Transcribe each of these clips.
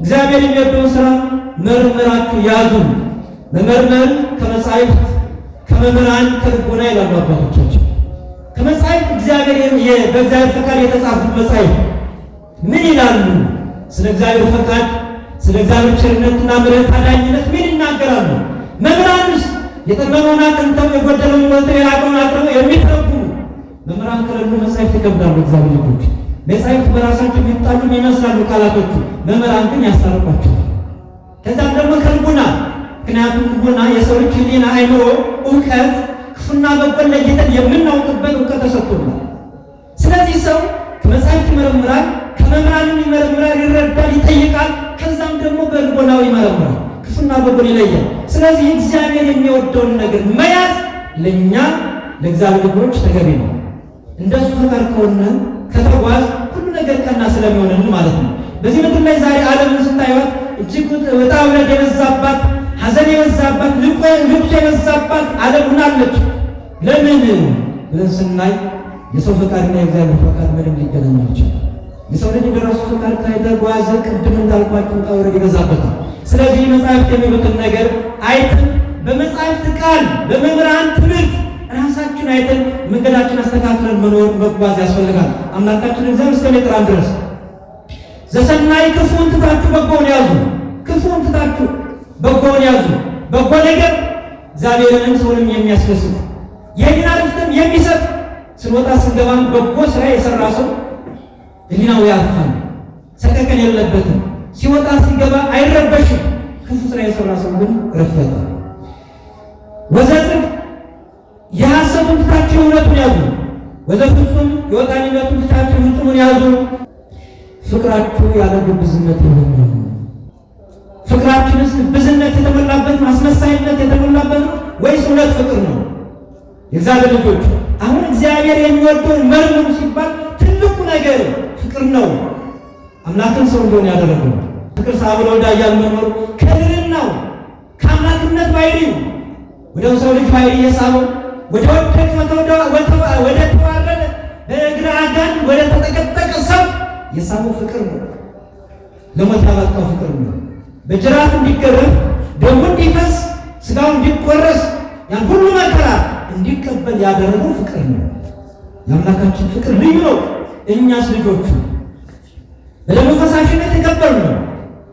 እግዚአብሔር የሚወደውን ስራ መርምራችሁ ያዙ። መመርመር ከመጻሕፍት ከመምህራን ከልቦና ይላሉ አባቶቻችን። ከመጻሕፍት እግዚአብሔር በእግዚአብሔር ፈቃድ የተጻፉ መጻሕፍት ምን ይላሉ? ስለ እግዚአብሔር ፈቃድ፣ ስለ እግዚአብሔር ቸርነትና ምሕረት አዳኝነት ምን ይናገራሉ? መምህራንስ የጠመመውን አቅንተው የጎደለውን ሞልተው የራቀውን አቅርበው የሚተረጉሙ መምህራን ከሌሉ መጻሕፍት ይከብዳሉ። እግዚአብሔር ልጆች መሳይት በራሳቸው የሚጣሉ ይመስላሉ ቃላቶቹ። መምህራን ግን ያስታርቋቸዋል። ከዛም ደግሞ ከልቡና ምክንያቱም ልቡና የሰው ልጅ ሕሊና፣ አይምሮ፣ እውቀት ክፉና በጎን ለይተን የምናውቅበት እውቀት ተሰጥቶናል። ስለዚህ ሰው ከመጽሐፍት ይመረምራል፣ ከመምህራንም ይመረምራል፣ ይረዳል፣ ይጠይቃል። ከዛም ደግሞ በልቦናው ይመረምራል፣ ክፉና በጎን ይለያል። ስለዚህ እግዚአብሔር የሚወደውን ነገር መያዝ ለእኛ ለእግዚአብሔር ልጆች ተገቢ ነው። እንደሱ ተቀርከውነ ከተጓዝ ሁሉ ነገር ቀና ስለሚሆንልን ማለት ነው። በዚህ ምድር ላይ ዛሬ ዓለምን ስታዩት እጅግ ወጣ ውረድ የበዛባት፣ ሐዘን የበዛባት፣ ልቆ ልቅሶ የበዛባት ዓለም ሆናለች። ለምን ብለን ስናይ የሰው ፈቃድና የእግዚአብሔር ፈቃድ ምንም ሊገናኝ ይችላል። የሰው ልጅ በራሱ ፈቃድ ሳይተጓዘ ቅድም እንዳልኳቸው ውጣ ውረድ ይበዛበታል። ስለዚህ መጽሐፍት የሚሉትን ነገር አይትም በመጽሐፍት ቃል በመምህራን ትምህርት ልካችን አይተን መንገዳችን አስተካክለን መኖር መጓዝ ያስፈልጋል። አምላካችን እግዚአብሔር እስከሚጠራን ድረስ ዘሰናይ ክፉን ትታችሁ በጎውን ያዙ። ክፉን ትታችሁ በጎውን ያዙ። በጎ ነገር እግዚአብሔርንም ሰውንም የሚያስደስት የህሊና እረፍትን የሚሰጥ ስንወጣ ስንገባን በጎ ስራ የሰራ ሰው ህሊናው ያርፋል፣ ሰቀቀን የለበትም። ሲወጣ ሲገባ አይረበሽም። ክፉ ስራ የሰራ ሰው ግን ረፈታል። ወዘጽድቅ የሐሰቱን ትታችሁ እውነቱን ያዙ፣ ወዘ ፍጹም የወጣኒነቱን ትታችሁ ፍጹሙን ያዙ። ፍቅራችሁ ያለ ግብዝነት የሆነ ፍቅራችንስ ግብዝነት የተሞላበት ማስመሳይነት የተሞላበት ነው ወይስ እውነት ፍቅር ነው? የእግዚአብሔር ልጆች አሁን እግዚአብሔር የሚወደው መርምሩ ሲባል ትልቁ ነገር ፍቅር ነው። አምላክን ሰው እንደሆነ ያደረገው ፍቅር ሳብ ለወዳ እያሉ መኖሩ ከድርናው ከአምላክነት ባይሪ ወደ ሰው ልጅ ባይሪ እየሳበው ወደ ወደቀ ወደ ተዋረደ በእግረ አጋን ወደ ተጠቀጠቀ ሰው የሳበው ፍቅር ነው። ለሞት ያበቃው ፍቅር ነው። በጅራፍ እንዲገረፍ ደሙ እንዲፈስ ስጋው እንዲቆረስ ያን ሁሉ መከራ እንዲቀበል ያደረገው ፍቅር ነው። የአምላካችን ፍቅር ልዩ ነው። እኛስ ልጆቹ በደሙ ፈሳሽነት የቀበርነው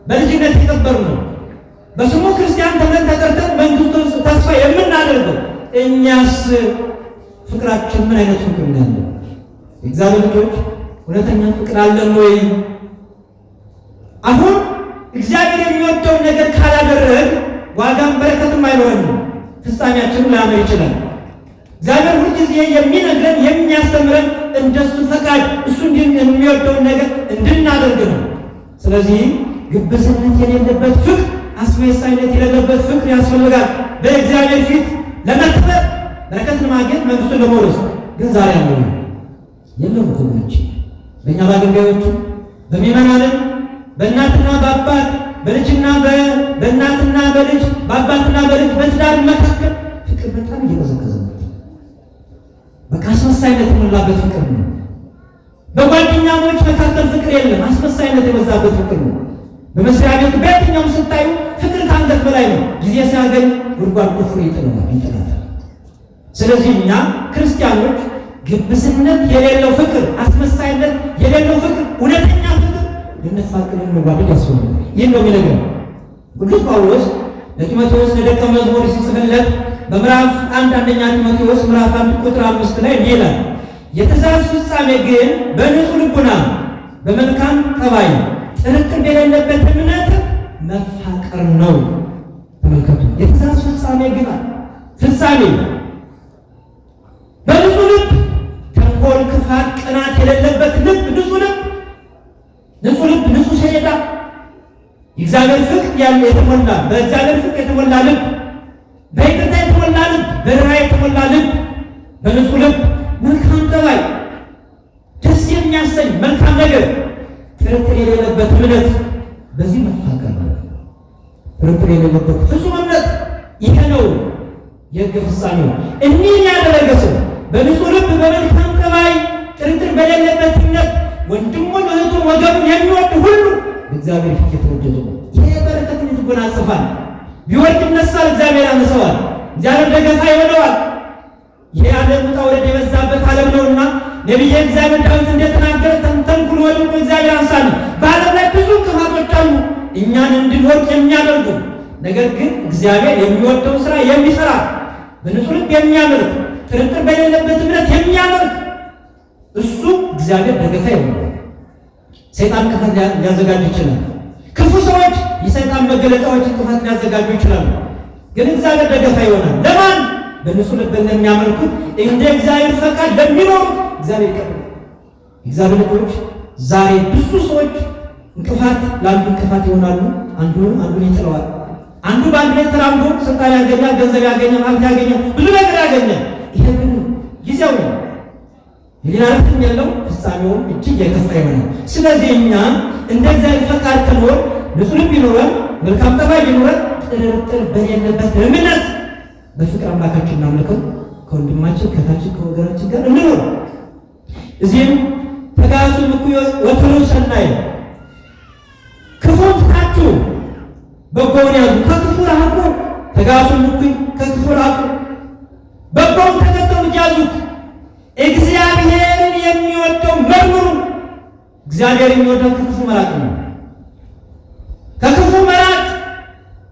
በልጅነት ነው በስሙ ክርስቲያን ተብለን ተጠርተን መንግስቱን ተስፋ የምናደርገው እኛስ ፍቅራችን ምን አይነት ፍቅር ነው ያለው? ልጆች እውነተኛ ፍቅር አለን ወይ? አሁን እግዚአብሔር የሚወደውን ነገር ካላደረግ ዋጋም በረከትም አይኖረንም። ፍጻሜያችንን ላያምር ይችላል። እግዚአብሔር ሁልጊዜ የሚነግረን የሚያስተምረን እንደሱ ፈቃድ እሱ የሚወደውን ነገር እንድናደርግ ነው። ስለዚህ ግብዝነት የሌለበት ፍቅር፣ አስመሳይነት የሌለበት ፍቅር ያስፈልጋል በእግዚአብሔር ፊት ለመክበር በረከት ለማግኘት መንግስቱን ለመውረስ ግን ዛሬ የለም በእኛ በአገልጋዮቹ፣ በሚመናለን፣ በእናትና በአባት በልጅና በእናትና በልጅ በአባትና በልጅ በትዳር መካከል ፍቅር በጣም እየቀዘቀዘ ነው። በቃ አስመሳይነት የሞላበት ፍቅር ነው። በጓደኛሞች መካከል ፍቅር የለም። አስመሳይነት የበዛበት ፍቅር ነው። በመስሪያ ቤቱ በየትኛውም ስታዩ ፍቅር ከአንገት በላይ ነው። ጊዜ ሲያገኝ ጉድጓድ ቆፍሮ ይጥለዋል ይጥላታል። ስለዚህ እኛ ክርስቲያኖች ግብስነት የሌለው ፍቅር፣ አስመሳይነት የሌለው ፍቅር፣ እውነተኛ ፍቅር ልንፋቅር እንዋደድ ያስፈልጋል። ይህን ነው የሚነግረን ቅዱስ ጳውሎስ ለጢሞቴዎስ ለደቀ መዝሙር ሲጽፍለት በምዕራፍ አንድ አንደኛ ጢሞቴዎስ ምዕራፍ አንድ ቁጥር አምስት ላይ እንዲህ ይላል የትእዛዝ ፍጻሜ ግን በንጹሕ ልቡና በመልካም ጠባይ ጥርጥር የሌለበት እምነት መፋቅር ነው። ተመልከቱ። የትእዛዝ ፍጻሜ ግና ፍጻሜ በንጹህ ልብ ተንኮል፣ ክፋት፣ ቅናት የሌለበት ልብ ንጹህ ልብ ንጹህ ልብ ንጹህ ሰሌዳ እግዚአብሔር ፍቅር ያለ የተሞላ በእግዚአብሔር ፍቅር የተሞላ ልብ በይቅርታ የተሞላ ልብ በርኅራኄ የተሞላ ልብ በንጹህ ልብ መልካም ጠባይ፣ ደስ የሚያሰኝ መልካም ነገር፣ ጥርጥር የሌለበት እምነት በዚህ መካከል ነው። ክርክር የሌለበት ፍጹም እምነት ይሄ ነው የሕግ ፍጻሜው። እኒህን ያደረገ ሰው በንጹሕ ልብ በመልካም ጠባይ ጥርጥር በሌለበት እምነት ወንድሙን እህቱን ወገኑን የሚወድ ሁሉ በእግዚአብሔር ፊት የተወደደ ነው። ይሄ በረከትን ይጎናጸፋል። ቢወድ ይነሳል፣ እግዚአብሔር ያነሰዋል፣ እግዚአብሔር ደገፋ ይሆነዋል። ይሄ ዓለም ውጣ ውረድ የበዛበት ዓለም ነውና ነቢየ እግዚአብሔር ዳዊት እንደተናገረ ተንተንኩል ወድቁ እግዚአብሔር አንሳል በዓለም ላይ ብዙ ክፋቶች እኛን እንድንወድ የሚያደርጉ ነገር ግን እግዚአብሔር የሚወደው ስራ የሚሰራ በንጹህ ልብ የሚያመልክ ጥርጥር በሌለበት እምነት የሚያመልክ እሱ እግዚአብሔር በገፋ ይሆናል። ሰይጣን ክፈት ሊያዘጋጁ ይችላል። ክፉ ሰዎች የሰይጣን መገለጫዎችን ክፈት ሊያዘጋጁ ይችላሉ። ግን እግዚአብሔር በገፋ ይሆናል። ለማን? በንጹህ ልብ ለሚያመልኩት፣ እንደ እግዚአብሔር ፈቃድ ለሚኖሩ እግዚአብሔር ይቀበላል። እግዚአብሔር ልጆች ዛሬ ብዙ ሰዎች እንቅፋት ለአንዱ እንቅፋት ይሆናሉ። አንዱ አንዱን ይጥለዋል። አንዱ በአንድ ላይ ተራምዶ ስልጣን ያገኛ፣ ገንዘብ ያገኘ፣ ሀብት ያገኘ፣ ብዙ ነገር ያገኘ። ይሄ ግን ጊዜው ነው፣ ሌላ እረፍትም የለው፣ ፍጻሜውም እጅግ የከፋ ይሆናል። ስለዚህ እኛ እንደ እግዚአብሔር ፈቃድ ከኖር ንጹህ ልብ ይኖረን፣ መልካም ጠባይ ይኖረን፣ ጥርጥር በሌለበት እምነት በፍቅር አምላካችን እናምልከው። ከወንድማችን ከታችን ከወገናችን ጋር እንኖር። እዚህም ተጋሱ ልኩ ወትሩ ሰናይ ክፉን ትታችሁ በጎውን ያዙ። ከክፉ ራቁ፣ ተጋሱ ሙክኝ ከክፉ ራቁ፣ በጎን ተከተሉ፣ ያዙት። እግዚአብሔርን የሚወደው መርምሩ። እግዚአብሔር የሚወደው ከክፉ መራቅ ነው። ከክፉ መራቅ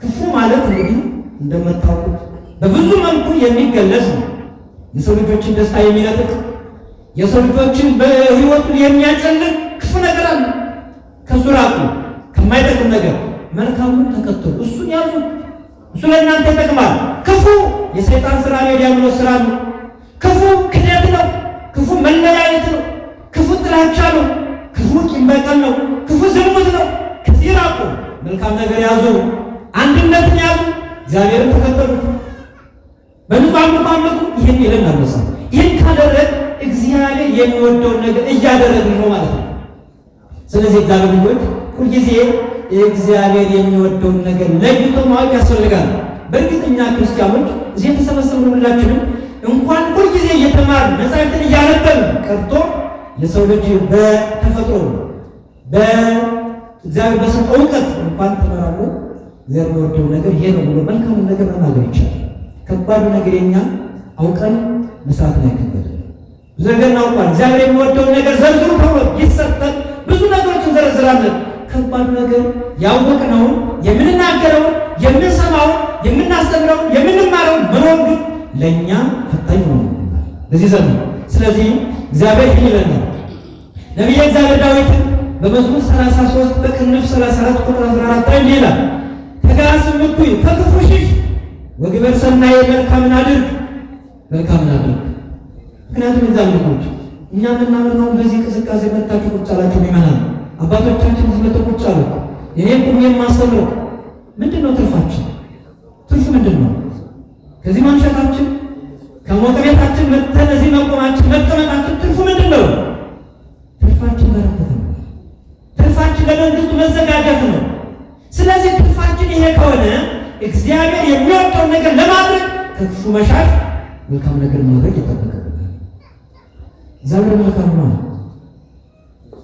ክፉ ማለት እንግዲህ እንደምታውቁት በብዙ መልኩ የሚገለጽ ነው። የሰው ልጆችን ደስታ የሚነጥቅ የሰው ልጆችን በሕይወቱ የሚያጨልቅ ክፉ ነገር አለ። ከሱ ራቁ። የማይጠቅም ነገር መልካሙን ተከተሉ፣ እሱን ያዙ። እሱ ለእናንተ ይጠቅማል። ክፉ የሰይጣን ስራ ነው፣ የዲያብሎስ ስራ ነው። ክፉ ክደት ነው፣ ክፉ መለያየት ነው፣ ክፉ ጥላቻ ነው፣ ክፉ ቂም በቀል ነው፣ ክፉ ዝሙት ነው። ከዚህ ራቁ፣ መልካም ነገር ያዙ፣ አንድነትን ያዙ፣ እግዚአብሔርን ተከተሉ። በንጹሐን ልባመቱ። ይህን ይለን አነሳ። ይህን ካደረግ እግዚአብሔር የሚወደውን ነገር እያደረግን ነው ማለት ነው። ስለዚህ እግዚአብሔር ይወድ ሁልጊዜ እግዚአብሔር የሚወደውን ነገር ለይቶ ማወቅ ያስፈልጋል። በእርግጠኛ ክርስቲያኖች እዚህ የተሰበሰቡ ሁላችንም እንኳን ሁልጊዜ እየተማርን መጻሕፍትን እያነበብን ቀርቶ የሰው ልጅ በተፈጥሮ በእግዚአብሔር በሰጠው እውቀት እንኳን ተመራምሮ እግዚአብሔር የሚወደው ነገር ይሄ ነው ብሎ መልካሙን ነገር መናገር ይቻላል። ከባዱ ነገር የኛ አውቀን መስራት ነው ያከበደ ብዙ ነገር እናውቋል። እግዚአብሔር የሚወደውን ነገር ዘርዝሩ ተብሎ ይሰጠን። ብዙ ነገሮችን ዘረዝራለን። ከባዱ ነገር ያወቅነውን የምንናገረውን የምንሰማውን የምናስተምረውን የምንማረውን መኖር ግን ለእኛ ፈታኝ ሆኖልናል በዚህ ዘመን። ስለዚህ እግዚአብሔር ይህን ይለናል። ነቢየ እግዚአብሔር ዳዊትን በመዝሙር 33 በቅንፍ 34 ቁጥር 14 ላይ ይላል ከጋስ ምኩይ ከክፉ ሽሽ ወግበር ሰናየ መልካምን አድርግ መልካምን አድርግ። ምክንያቱም እግዚአብሔር ናቸው እኛ የምናምር በዚህ እንቅስቃሴ መታችሁ ቁጭ አላችሁ ይመናል አባቶቻችን ዝመተቦች አሉ። ይሄን ቁም የማስተምረው ምንድን ነው? ትርፋችን ትርፍ ምንድን ነው? ከዚህ ማንሻታችን ከሞት ቤታችን መጥተን እዚህ መቆማችን መቀመጣችን ትርፉ ምንድን ነው? ትርፋችን በረከት ነው። ትርፋችን ለመንግስቱ መዘጋጀት ነው። ስለዚህ ትርፋችን ይሄ ከሆነ እግዚአብሔር የሚወደውን ነገር ለማድረግ ከክፉ መሻት መልካም ነገር ማድረግ ይጠበቅብናል። እግዚአብሔር መልካም ነው።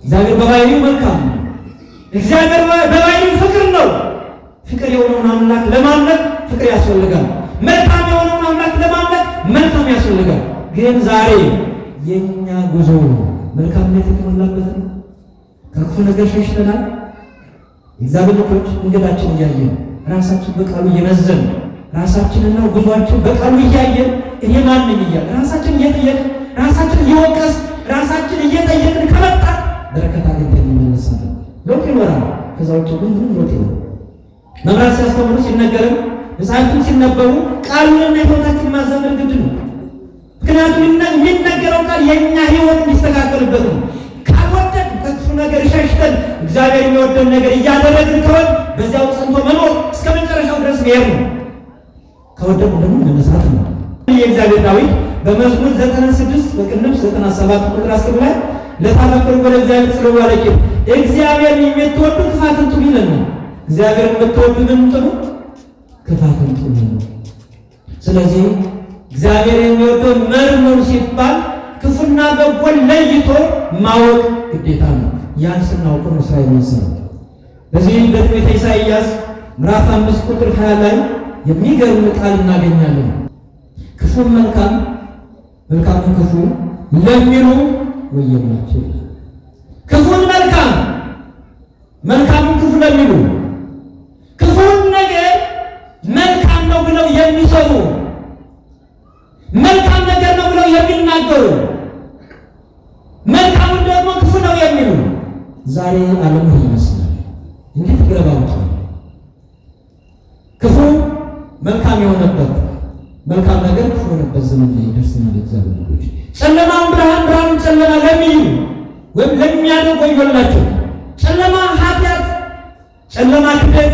እግዚአብሔር በባይኑ መልካም ነው። እግዚአብሔር በባይኑ ፍቅር ነው። ፍቅር የሆነውን አምላክ ለማምለክ ፍቅር ያስፈልጋል። መልካም የሆነውን አምላክ ለማምለክ መልካም ያስፈልጋል። ግን ዛሬ የኛ ጉዞ መልካምነት የተሞላበት ነው። ከክፉ ነገር ሸሽተናል። እግዚአብሔር ልጆች እንገዳችን እያየን ራሳችን በቃሉ እየመዘን ራሳችንና ጉዟችን በቃሉ እያየን እኔ ማን ነኝ ራሳችን እየጠየቅን ራሳችን እየወቀስ ራሳችን እየጠየቅን ከመጣ በረከት አግኝተን እንመለሳለን። ለውጥ ይኖራል። ከዛ ውጭ ግን ምንም ለውጥ የለም። መብራት ሲያስተምሩ ሲነገርም መጽሐፍትም ሲነበቡ ቃሉንና ህይወታችን ማዘመን ግድ ነው። ምክንያቱም የሚነገረው ቃል የእኛ ህይወት የሚስተካከልበት ነው። ካልወደድ ከክፉ ነገር ሸሽተን እግዚአብሔር የሚወደን ነገር እያደረግን ከሆን በዚያው ጽንቶ መኖር እስከ መጨረሻው ድረስ መሄድ ነው። ከወደቁ ደግሞ መነሳት ነው። የእግዚአብሔር ዳዊት በመዝሙር 96 በቅንፍ 97 ቁጥር 10 ላይ ለታመክሩ በእግዚአብሔር ጽሩ ባለቂ እግዚአብሔር የምትወዱ ክፋትን ጥሉ እግዚአብሔር የምትወዱ ግን ጥሩ ክፋትን ጥሉ። ስለዚህ እግዚአብሔር የሚወደው መርምሩ ሲባል ክፉና በጎን ለይቶ ማወቅ ግዴታ ነው። ያን ስናውቅ ነው ስራ የምንሰራው። በዚህ በትንቢተ ኢሳይያስ ምዕራፍ አምስት ቁጥር ሀያ ላይ የሚገርም ቃል እናገኛለን። ክፉም መልካም መልካም ክፉ ለሚሉ ወየላቸው ክፉን መልካም መልካሙን ክፉ ለሚሉ ክፉን ነገር መልካም ነው ብለው የሚሰሩ መልካም ነገር ነው ብለው የሚናገሩ መልካሙን ደግሞ ክፉ ነው የሚሉ ዛሬ ዓለም ይመስላል። እንዴት ግረባውታ ክፉ መልካም የሆነበት መልካም ነገር ክፉ የሆነበት ዘመን ላይ ደርሰናል። እግዚአብሔር ልጆች ወይም ለሚያደርግ ወዮላቸው። ጨለማ ኃጢአት፣ ጨለማ ክደት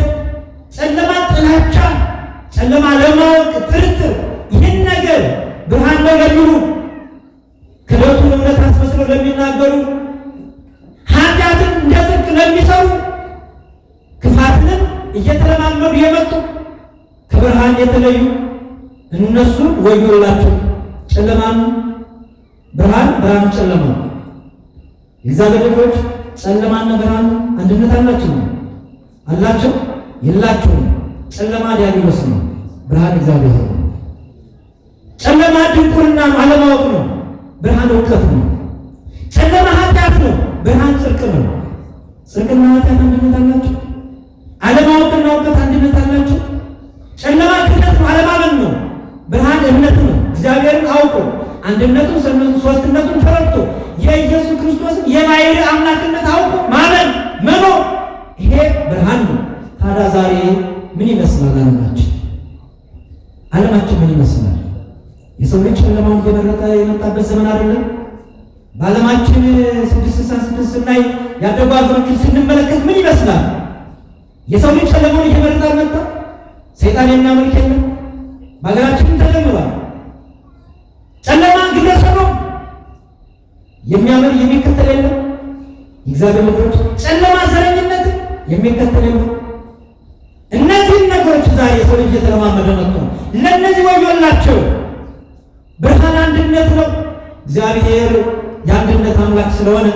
እግዚአብሔር ልጆች ጨለማና ብርሃን አንድነት አላችሁ አላቸው የላችሁም። ጨለማ ዲያብሎስ ነው፣ ብርሃን እግዚአብሔር ነው። ጨለማ ድንቁርና አለማወቅ ነው፣ ብርሃን እውቀት ነው። ጨለማ ኃጢአት ነው፣ ብርሃን ጽድቅ ነው። ጽድቅና ኃጢአት አንድነት አላቸው። አለማወቅና እውቀት አንድነት አላቸው። ጨለማ ክደት ነው፣ አለማመን ነው። ብርሃን እምነት ነው፣ እግዚአብሔርን አውቁ አንድነቱን ሶስትነቱን ተረድቶ የኢየሱስ ክርስቶስን የባሕርይ አምላክነት አውቆ ማመን መኖ ይሄ ብርሃን ነው። ታዲያ ዛሬ ምን ይመስላል ዓለማችን? ዓለማችን ምን ይመስላል? የሰው ልጅ ጨለማውን እየመረጠ የመጣበት ዘመን አይደለም። በዓለማችን ስድስት ስልሳ ስድስት ስናይ ያደጉ አገሮችን ስንመለከት ምን ይመስላል? የሰው ልጅ ጨለማውን እየመረጠ አልመጣ? ሰይጣን የሚያመልክ የለም በሀገራችን የሚያምር የሚከተል የለም። የእግዚአብሔር ልጆች ጨለማ ዘረኝነት የሚከተል የለም። እነዚህን ነገሮች ዛሬ ሰው ልጅ የተለማመደ መጥቶ ለእነዚህ ወዮላቸው። ብርሃን አንድነት ነው። እግዚአብሔር የአንድነት አምላክ ስለሆነ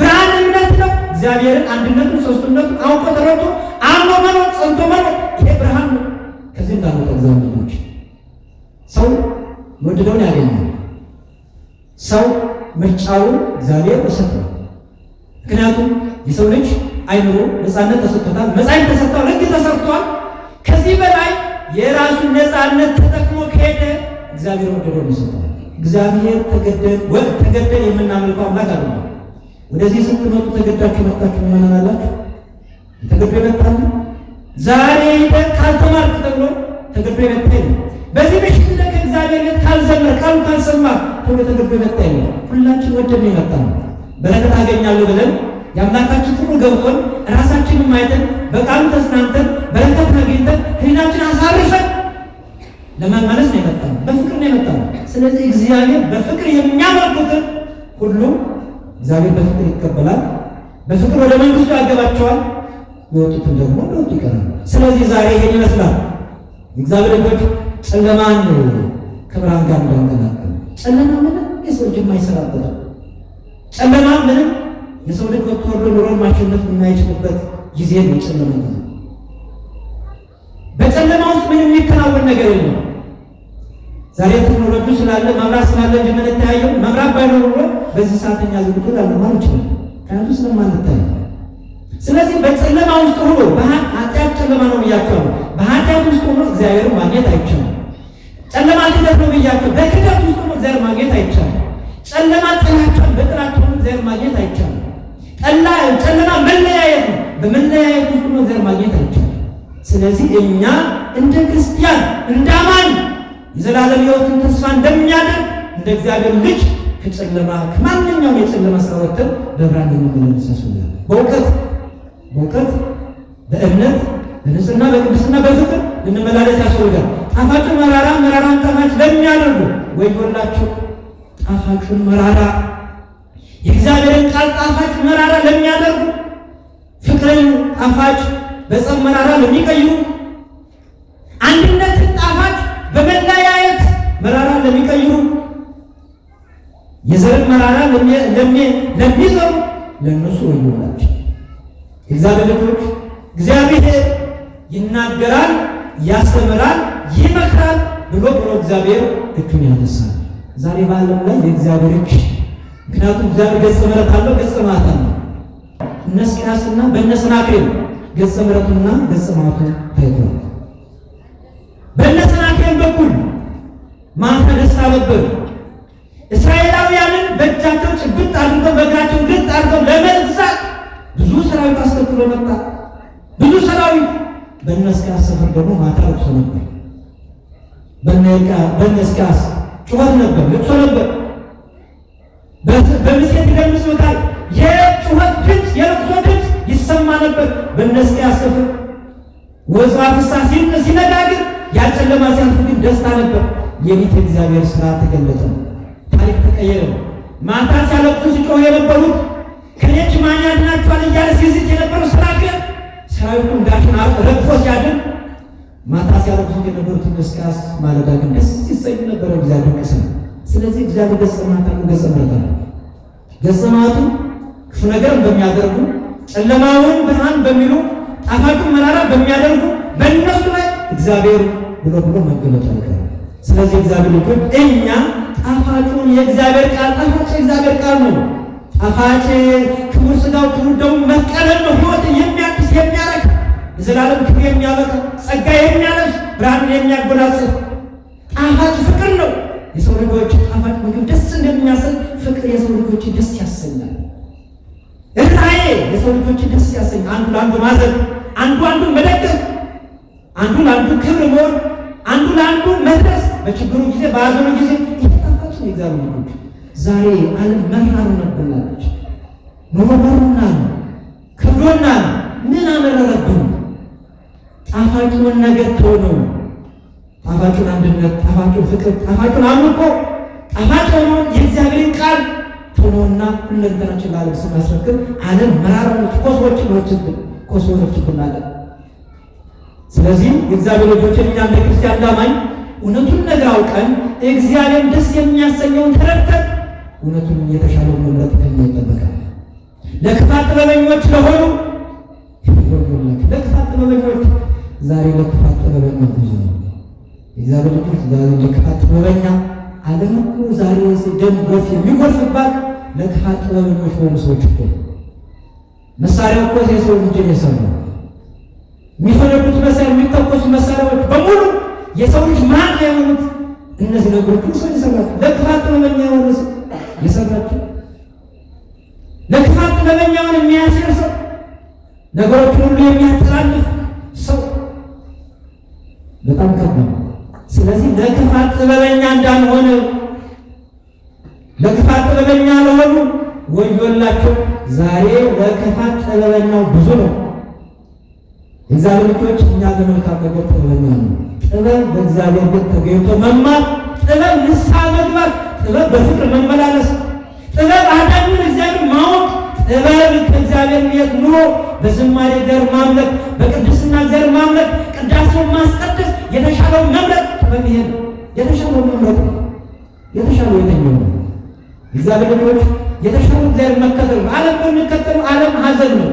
ብርሃን እምነት ነው። እግዚአብሔር አንድነቱን ሶስትነቱን አውቆ ተረቶ አምኖ መኖር ጸንቶ መኖር ይሄ ብርሃን ነው። ከዚህ እንዳልወጣ እግዚአብሔር ልጆች ሰው የወደደውን ያገኛል ሰው ምርጫውን እግዚአብሔር ተሰጥቷል። ምክንያቱም የሰው ልጅ አይምሮ ነፃነት ተሰጥቷል፣ መጻሕፍት ተሰጥቷል፣ ሕግ ተሰርቷል። ከዚህ በላይ የራሱን ነፃነት ተጠቅሞ ከሄደ እግዚአብሔር ወደደ ይሰጣል። እግዚአብሔር ተገደን ወጥ ተገደን የምናመልከው አምላክ አለ። ወደዚህ ስትመጡ ተገዳችሁ መጣችሁ ምናናላችሁ? ተገዶ የመጣል ዛሬ ካልተማርክ ተብሎ ተገዶ የመጣ በዚህ ምሽት በእግዚአብሔር ቤት ካልዘመር ቃሉ ካልሰማ ሁሉ ተገብ የመጣ የለ ሁላችን ወደን የመጣ ነው። በረከት አገኛለሁ ብለን የአምላካችን ፍቅሩ ገብቶን ራሳችንን ማየትን በቃሉ ተጽናንተን በረከት አገኝተን ህሊናችን አሳርፈን ለመመለስ ነው የመጣ ነው። በፍቅር ነው የመጣ ነው። ስለዚህ እግዚአብሔር በፍቅር የሚያመልኩትን ሁሉ እግዚአብሔር በፍቅር ይቀበላል። በፍቅር ወደ መንግስቱ ያገባቸዋል። የወጡትን ደግሞ ለወጡ ይቀራል። ስለዚህ ዛሬ ይሄን ይመስላል። እግዚአብሔር ልጆች ጨለማን ከብርሃን ጋር እንዳንቀላቀል ጨለማ ምንም የሰው እጅ የማይሰራበት ጨለማ ምንም የሰው ልጅ ወጥቶ ወርዶ ኑሮ ማሸነፍ የማይችልበት ጊዜ ነው። ጨለማ ነው። በጨለማ ውስጥ ምንም የሚከናወን ነገር የለም። ዛሬ ቴክኖሎጂ ስላለ መብራት ስላለ እንጂ የምንተያየው መብራት ባይኖር ኑሮ በዚህ ሰዓተኛ ዝግቶ ላለማር ይችላል። ምክንያቱም ስለማንታይ ስለዚህ በጨለማ ውስጥ ሆኖ በኃጢአት ጨለማ ነው እያቸዋል። በኃጢአት ውስጥ ሆኖ እግዚአብሔርን ማግኘት አይቻልም። ጨለማ ክደት ነው ብያቸው። በክደት ውስጥ ዘር ማግኘት አይቻልም። ጨለማ ጥላቻን፣ በጥላቻ ዘር ማግኘት አይቻልም። ጨለማ መለያየት ነው። በመለያየት ውስጥ ዘር ማግኘት አይቻልም። ስለዚህ እኛ እንደ ክርስቲያን እንደ አማኝ የዘላለም ሕይወትን ተስፋ እንደሚያደርግ እንደ እግዚአብሔር ልጅ ከጨለማ ከማንኛውም የጨለማ ስራ ወጥተን በብርሃን የምንመለሰሱ በእውቀት በእውቀት በእምነት በንጽህና በቅድስና በፍቅር ልንመላለስ ያስፈልጋል። ጣፋጭ መራራ መራራን ጣፋጭ ለሚያደርጉ ወዮላችሁ። ጣፋጩን መራራ የእግዚአብሔርን ቃል ጣፋጭ መራራ ለሚያደርጉ ፍቅርን ጣፋጭ በጸብ መራራ ለሚቀይሩ አንድነትን ጣፋጭ በመለያየት መራራ ለሚቀይሩ የዘርን መራራ ለሚዘሩ ለእነሱ ወዮላቸው። ልጆች እግዚአብሔር ይናገራል፣ ያስተምራል ይመክራል ብሎ ብሎ እግዚአብሔር እጁን ያነሳል። ዛሬ በዓለም ላይ የእግዚአብሔር እጅ ምክንያቱም እግዚአብሔር ገጸ ምሕረት አለው፣ ገጸ መዓት አለው። እነ እስኪናስና በእነ ሰናክሬም ገጸ ምሕረቱና ገጸ መዓቱ ታይቷል። በእነ ሰናክሬም በኩል ማንተ ደስታ ነበር። እስራኤላውያንን በእጃቸው ጭብጥ አድርገው በእግራቸው ግጥ አድርገው ለመግዛት ብዙ ሰራዊት አስከትሎ መጣ። ብዙ ሰራዊት በእነ እስኪናስ ሰፈር ደግሞ ማታ ረክሶ ነበር። በነስቃስ ጩኸት ነበር፣ ልቅሶ ነበር። በምሴት ደምስ መታል የጩኸት ድምፅ የልቅሶ ድምፅ ይሰማ ነበር በነስቃስ ያሰፍ ወጽዋ ፍሳ ሲነጋግር ያጨለማ ሲያልፍ ግን ደስታ ነበር። የቤተ እግዚአብሔር ስራ ተገለጠ፣ ታሪክ ተቀየረ። ማታ ሲያለቅሱ ሲጮህ የነበሩት ከኔች ማን ያድናችኋል እያለ ሲዝት የነበረው ስራ ግን ሰራዊቱ እንዳሹን ረግፎ ሲያድን ማታ ሲያለቅሱት የነበሩትን ቅስቃሴ ማለዳ ግን ደስ ሲሰኙ ነበረ። እግዚአብሔር ደስ ነው። ስለዚህ እግዚአብሔር ገጸ መዓቱ ገጸ ምሕረቱ ነው። ገጸ መዓቱ ክፉ ነገር በሚያደርጉ ጨለማውን ብርሃን በሚሉ ጣፋጩን መራራ በሚያደርጉ በእነሱ ላይ እግዚአብሔር ብሎ ብሎ መገለጡ አይቀርም። ስለዚህ እግዚአብሔር ልጆች እኛ ጣፋጩን የእግዚአብሔር ቃል ጣፋጭ የእግዚአብሔር ቃል ነው። ጣፋጭ ክቡር ሥጋው ክቡር ደሙ መቀለል ነው። ሕይወትን የሚያድስ የሚያረግ ዘላለም ክብር የሚያበቃ ጸጋ የሚያለብስ ብርሃንን የሚያጎናጽፍ ጣፋጭ ፍቅር ነው። የሰው ልጆች ጣፋጭ ምግብ ደስ እንደሚያሰኝ ፍቅር የሰው ልጆች ደስ ያሰኛል። ርኅራኄ የሰው ልጆች ደስ ያሰኝ፣ አንዱ ለአንዱ ማዘን፣ አንዱ አንዱ መደገፍ፣ አንዱ ለአንዱ ክብር መሆን፣ አንዱ ለአንዱ መድረስ፣ በችግሩ ጊዜ በአዘኑ ጊዜ ይህ ጣፋጭ ነው። የእግዚአብሔር ልጆች ዛሬ ዓለም መራሩ ነበላለች። ኑሮ መሩና ክብዶና ምን አመረረብን? ጣፋጩን ነገር ተሆኑ ጣፋጩን አንድነት፣ ጣፋጩን ፍቅር፣ ጣፋጩን አምልኮ፣ ጣፋጭ የሆነውን የእግዚአብሔርን ቃል ቶኖና ሁለንተናችን ለዓለም ስናስረክብ ዓለም መራራኖች ኮሶችን ሆችብን ኮሶ ሆችብናለን። ስለዚህ የእግዚአብሔር ልጆችን እኛ እንደ ክርስቲያን ዳማኝ እውነቱን ነገር አውቀን እግዚአብሔር ደስ የሚያሰኘውን ተረድተን እውነቱን የተሻለው መምረጥ ከኛ ይጠበቃል። ለክፋት ጥበበኞች ለሆኑ ለክፋት ጥበበኞች ዛሬ ለክፋት ጥበበኛ ብዙ ነው። የእግዚአብሔር ልጆች ዛሬ ለክፋት ጥበበኛ ዓለም እኮ ዛሬ ደም ጎርፍ የሚጎርፍባት ለክፋት ጥበበኞች ሆኑ ሰዎች እኮ መሳሪያ እኮ የሰው ልጅን የሰሩ የሚፈለጉት መሳሪያ የሚጠቆሱ መሳሪያዎች በሙሉ የሰው ልጅ ማን የሆኑት እነዚህ ነገሮች ግን ሰው የሰራቸው ለክፋት ጥበበኛ የሆነ ሰው የሰራቸው ለክፋት ጥበበኛውን የሚያስር ሰው ነገሮች ሁሉ የሚያስተላልፍ ሰው በጣም ከባድ። ስለዚህ ለክፋት ጥበበኛ እንዳልሆነ ለክፋት ጥበበኛ ለሆኑ ወዮላቸው። ዛሬ ለክፋት ጥበበኛው ብዙ ነው። እግዚአብሔር ልጆች፣ እኛ ለመልካም ነገር ጥበበኛ ነው። ጥበብ በእግዚአብሔር ቤት ተገኝቶ መማር፣ ጥበብ ንስሐ መግባት፣ ጥበብ በፍቅር መመላለስ፣ ጥበብ አዳኙን እግዚአብሔር ማወቅ፣ ጥበብ ከእግዚአብሔር ቤት ኑሮ በዝማሬ ዘር ማምለክ፣ በቅድስና ዘር ማምለክ፣ ቅዳሴን ማስቀደስ የተሻለው መምረጥ ጥበብ የተሻለው መምረጥ የተሻለው የተኛው ነው። እግዚአብሔር ልጆች የተሻለው እግዚአብሔር መከተል ነው። ዓለም በሚከተሉ ዓለም ሀዘን ነው።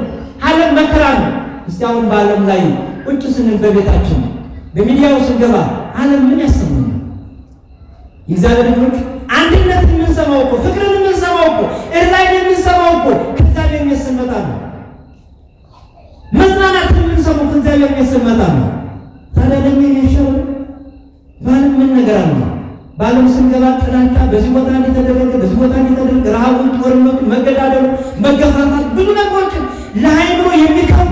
ዓለም መከራ ነው። እስቲ አሁን በዓለም ላይ ቁጭ ስንል በቤታችን በሚዲያው ስንገባ ዓለም ምን ያሰማኛል? የእግዚአብሔር ልጆች አንድነት የምንሰማው እኮ ፍቅርን የምንሰማው እኮ እርላይ የምንሰማው እኮ ከእግዚአብሔር የሚያስመጣ ነው። መዝናናት የምንሰማው ከእግዚአብሔር የሚያስመጣ ነው። ታዲያ ደግሞ ማንም ምን ነገር አለ? በዓለም ስንገባ ጥላቻ፣ በዚህ ቦታ እንደተደረገ በዚህ ቦታ እንደተደረገ ረሃቡን፣ ጦርነቱ፣ መገዳደሉ፣ መገፋፋት ብዙ ነገሮችን ለአይምሮ የሚቀር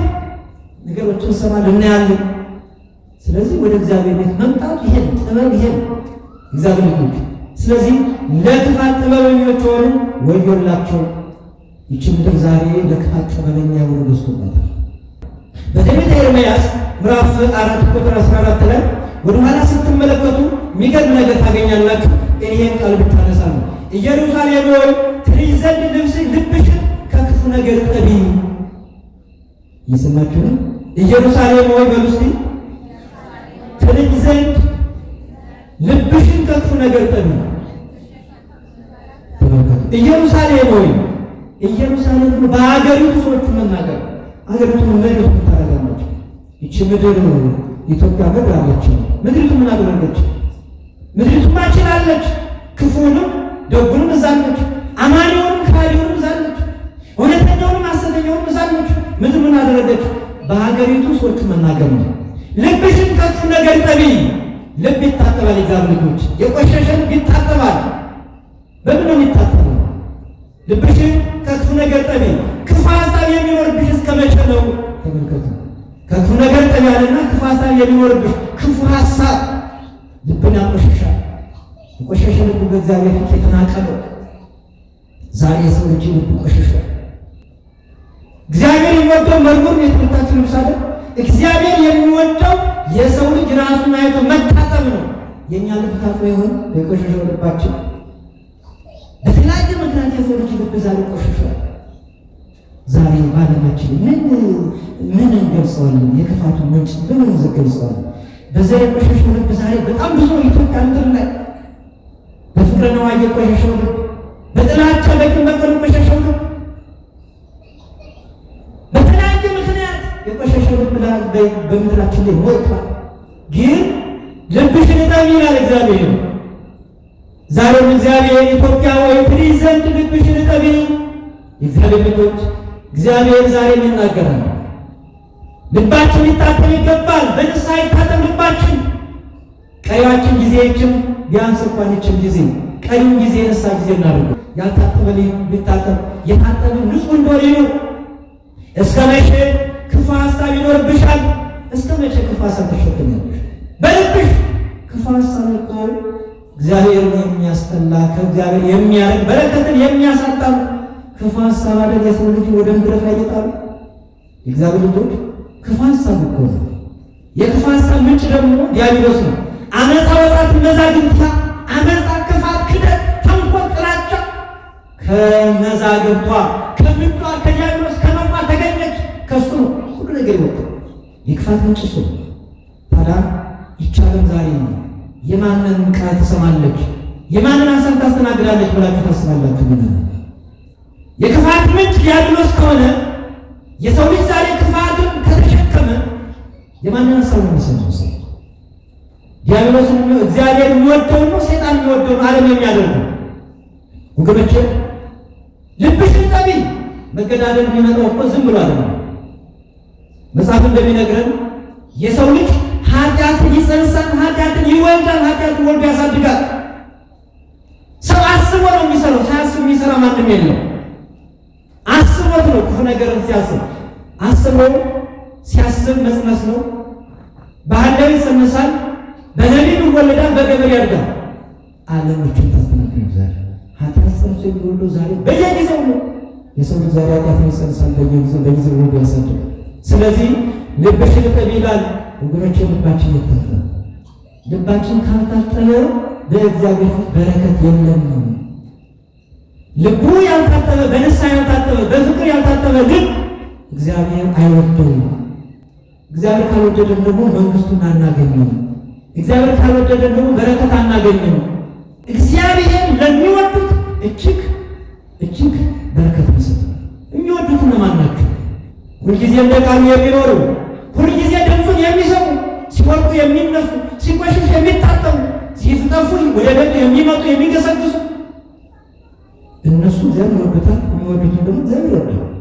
ነገሮችን እንሰማለን እናያለን። ስለዚህ ወደ እግዚአብሔር ቤት መምጣት ይሄ ጥበብ ይሄ እግዚአብሔር ቤት ስለዚህ ለክፋት ጥበበኞች ሆኑ ወዮላቸው። ይቺ ምድር ዛሬ ለክፋት ጥበበኛ ወሩ ደስቶበታል። በትንቢተ ኤርምያስ ምዕራፍ አራት ቁጥር 14 ላይ ወደኋላ ስትመለከቱ የሚገርም ነገር ታገኛላችሁ። ይሄን ቃል ብታነሳ ነው ኢየሩሳሌም ሆይ ትሪ ዘንድ ልብስ ልብሽን ከክፉ ነገር ጠቢ። እየሰማችሁ ነው። ኢየሩሳሌም ሆይ በሉስቲ ትሪ ዘንድ ልብሽን ከክፉ ነገር ጠቢ። ኢየሩሳሌም ሆይ ኢየሩሳሌም በአገሪቱ ሰዎች መናገር አገሪቱ ምን ነው ይቺ ምድር ኢትዮጵያ ምድር አለች። ምድሪቱ ምን አደረገች? ምድሪቱ ማችን አለች። ክፉንም ደጉንም እዛለች። አማኒውንም እዛለች። እውነተኛውንም እዛለች። ምድር ምን አደረገች? በሀገሪቱ ሰዎች መናገር ነው። ልብሽን ከክፉ ነገር ጠቢ። ልብ ይታጠባል። የዛብ ልጆች ይታጠባል። በምን ነው የሚታጠበው? ልብሽን ከክፉ ነገር ጠቢ ከክፉ ነገር ጠቢያልና ክፉ ሀሳብ የሚወርድብሽ ክፉ ሀሳብ ልብን ያቆሸሻል። የቆሸሸ ልብ በእግዚአብሔር ፊት የተናቀ ነው። ዛሬ የሰው ልጅ ልብ ቆሸሻል። እግዚአብሔር የሚወደው መዝሙር የትምህርታችን ልብሳለ እግዚአብሔር የሚወደው የሰው ልጅ ራሱን አይቶ መታጠብ ነው። የእኛ ልብ ታጥቦ ይሆን? የቆሸሸው ልባችን በተለያየ ምክንያት የሰው ልጅ ልብ ዛሬ ቆሸሻል። ዛሬ ባለማችን ምን እንጠቅሰዋለን። የክፋቱ ምንጭ በመንዝ ገልጸዋለን። በዘር የቆሸሸ ልብ ዛሬ በጣም ብዙ ኢትዮጵያ ምድር ላይ በፍቅረ ነዋይ የቆሸሸው ልብ፣ በጥላቻ በቂም በቀል የቆሸሸው ልብ፣ በተለያየ ምክንያት የቆሸሸው ልብ በምድራችን ላይ ሞልቷል። ግን ልብሽን እጠቢ ይላል እግዚአብሔር። ዛሬም እግዚአብሔር ኢትዮጵያ ወይ ትሪ ዘንድ ልብሽን እጠቢ። የእግዚአብሔር ልጆች እግዚአብሔር ዛሬም ይናገራል። ልባችን ሊታተም ይገባል። በንስሐ ይታተምባችን። ቀሪዋችን ጊዜችን ቢያንስ እንኳን ይችን ጊዜ ቀሪውን ጊዜ የንስሐ ጊዜ እናደርገው። ያልታተመ ሊታተም፣ የታተመ ንጹሕ እንደሆነ ይኖር። እስከ መቼ ክፉ ሀሳብ ይኖርብሻል? እስከ መቼ ክፉ ሀሳብ ተሸክሚያለሽ? በልብሽ ክፉ ሀሳብ ልቃሉ እግዚአብሔር የሚያስጠላ ከእግዚአብሔር የሚያርቅ በረከትን የሚያሳጣ ክፉ ሀሳብ አደግ የሰው ልጅ ወደ ምድረ ላይ ይጣሉ ልጆች ክፉ ሀሳብ እኮ የክፉ ሀሳብ ምንጭ ደግሞ ዲያብሎስ ነው። አመፃ፣ ወጣት፣ መዛግብታ፣ አመፃ፣ ክፋት፣ ክደት፣ ተንኮል፣ ጥላቻ ከመዛግብቷ ከምንጯ ከዲያብሎስ ከመቋ ተገኘች። ከሱ ነው ሁሉ ነገር ይወጣ። የክፋት ምንጭ እሱ ነው። ታዲያ ይቻለም ዛሬ ነው የማንን ቃል ትሰማለች? የማንን ሀሳብ ታስተናግዳለች ብላችሁ ታስባላችሁ? ምን የክፋት ምንጭ ዲያብሎስ ከሆነ የሰው ልጅ ዛሬ የማንን ሀሳብ ነው የሚሰጠው? ሰው ዲያብሎስ ነው እግዚአብሔር የሚወደው ነው ሰይጣን የሚወደው ነው ዓለም የሚያደርገው ወገኖቼ፣ ልብሽ ልጠቢ። መገዳደል የሚመጣው እኮ ዝም ብሎ አለ መጽሐፍ እንደሚነግረን የሰው ልጅ ኃጢአትን ይጸንሳል፣ ኃጢአትን ይወልዳል፣ ኃጢአትን ወልዶ ያሳድጋል። ሰው አስቦ ነው የሚሰራው። ሳያስብ የሚሰራ ማንም የለው። አስቦት ነው ክፉ ነገርን ሲያስብ አስቦ ነው ሲያስብ መጽነስ ነው። ባህል ላይ ይጸነሳል። በሌሊት ይወለዳል። በገበር ያድጋል። ዓለሞችን ታስተናግድ ኃጢአት ጸንሶ የሚወልደው ዛሬ በየጊዜው ነው። የሰው ልጅ ዛሬ ኃጢአትን ይጸንሳል፣ በየጊዜው በጊዜው ወልዶ ያሳድጋል። ስለዚህ ልብሽ ልጠብ ይላል። ወገኖች ልባችን ይታጠብ። ልባችን ካልታጠበ በእግዚአብሔር ፊት በረከት የለም ልቡ ያልታጠበ፣ በንስሐ ያልታጠበ፣ በፍቅር ያልታጠበ ልብ እግዚአብሔር አይወደውም። እግዚአብሔር ካልወደደን ደግሞ መንግስቱን አናገኝም። እግዚአብሔር ካልወደደን ደግሞ በረከት አናገኝም። እግዚአብሔር ለሚወዱት እጅግ እጅግ በረከት ይሰጣል። የሚወዱት እነማን ናቸው? ሁልጊዜ እንደ ቃሉ የሚኖሩ ሁልጊዜ ድምፁን የሚሰሙ ሲወርቁ የሚነሱ ሲቆሽሽ የሚታጠቡ ሲጠፉ ወደ ደግ የሚመጡ የሚገሰግሱ እነሱ እግዚአብሔር ይወዱታል። የሚወዱትን ደግሞ እግዚአብሔር ይወዳል።